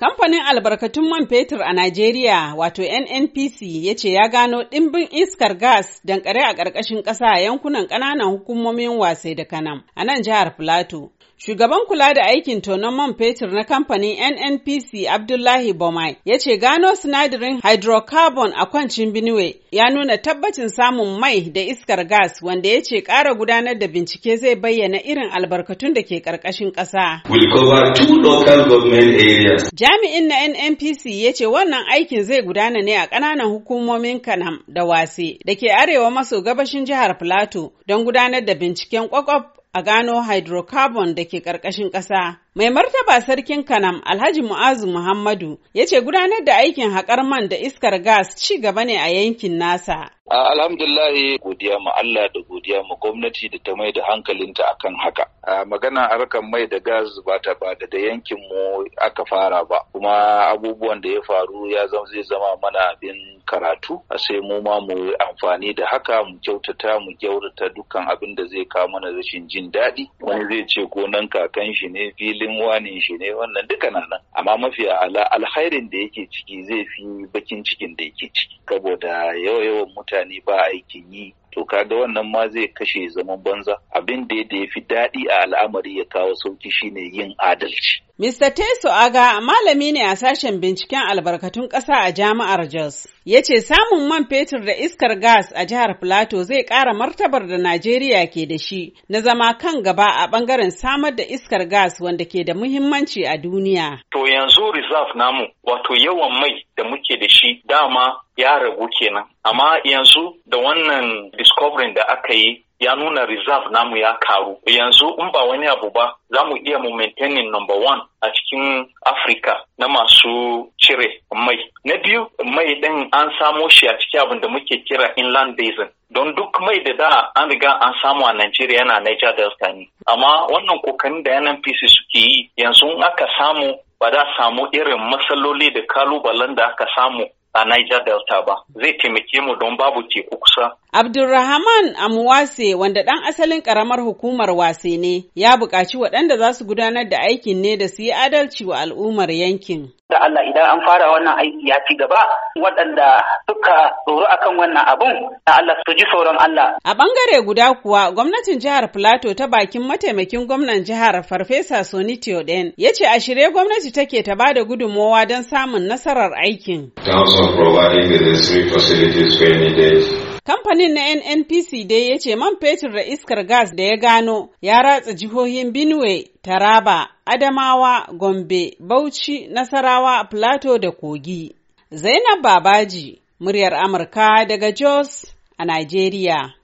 Kamfanin albarkatun man fetur a Najeriya wato NNPC ya ce ya gano ɗimbin iskar gas dankare a ƙarƙashin ƙasa a yankunan ƙananan hukumomin wasai da kanam a nan jihar Filato. Shugaban kula da aikin tonon man fetur na kamfanin NNPC Abdullahi Bomai ya ce gano sinadarin hydrocarbon a kwancin Benue ya nuna tabbacin samun mai da iskar gas wanda ya ce ƙara gudanar da bincike zai bayyana irin albarkatun da ke ƙarƙashin ƙasa. Jami'in na NNPC ya ce wannan aikin zai gudana ne a ƙananan hukumomin Kanam da Wase da ke arewa maso gabashin jihar Filato don gudanar da binciken kwakwaf a gano hydrocarbon da ke ƙarƙashin ƙasa. Mai martaba sarkin Kanam Alhaji Mu'azu Muhammadu ya ce gudanar da aikin haƙar man da iskar gas ci gaba ne a yankin nasa. Alhamdulillah godiya ma Allah da godiya ma gwamnati da ta mai da hankalinta akan haka. a magana harkar mai da gas ba ta ba da yankin mu aka fara ba kuma abubuwan da ya faru ya zama zai zama mana abin karatu a sai mu ma mu amfani da haka mu kyautata mu gyaurata dukkan abin da zai kawo mana rashin jin daɗi wani zai ce gonan kakan shi ne filin wani shi ne wannan duka na nan amma mafi ala alhairin da yake ciki zai fi bakin cikin da yake ciki saboda yawa yawan mutane ba aikin yi to kaga wannan ma zai kashe zaman banza abin da ya fi daɗi a al'amari ya kawo sauki shine yin adalci Mr. Teso Aga malami ne a sashen binciken albarkatun ƙasa a jami'ar Jos. Ya ce samun man fetur da iskar gas a jihar Filato zai ƙara martabar da Najeriya ke da shi na zama kan gaba a ɓangaren samar da iskar gas wanda ke da muhimmanci a duniya. To yanzu reserve namu wato yawan mai da muke da shi dama ya ragu kenan. Amma yanzu da wannan discovering da aka yi ya nuna reserve namu ya karu yanzu in ba wani abu ba za mu iya mu maintaining number one a cikin Afrika na masu cire mai na biyu mai ɗin an samo shi a cikin abin da muke kira inland basin don duk mai da da an riga an samu a Najeriya yana Niger Delta ne amma wannan kokarin da NNPC suke yi yanzu in aka samu ba da samu irin matsaloli da kalubalen da aka samu a Niger Delta ba. Zai taimake mu don babu teku kusa. Abdulrahman Amwase wanda ɗan asalin ƙaramar hukumar wase ne ya buƙaci waɗanda za su gudanar da aikin ne da su yi adalci wa al'ummar yankin. da Allah idan an fara wannan aiki ya ci gaba waɗanda suka tsoro akan wannan abun da Allah su ji tsoron Allah. A bangare guda kuwa gwamnatin jihar Filato ta bakin mataimakin gwamnan jihar Farfesa Soni Teoden ya ce a shirye gwamnati take ta ba da gudunmowa don samun nasarar aikin. Towns providing the necessary facilities where needed Kamfanin na NNPC dai ya ce man fetur da iskar gas da ya gano ya ratsa jihohin Benue, Taraba, Adamawa, Gombe, Bauchi, Nasarawa, Plateau da Kogi. Zainab Babaji, muryar Amurka daga Jos a Nigeria.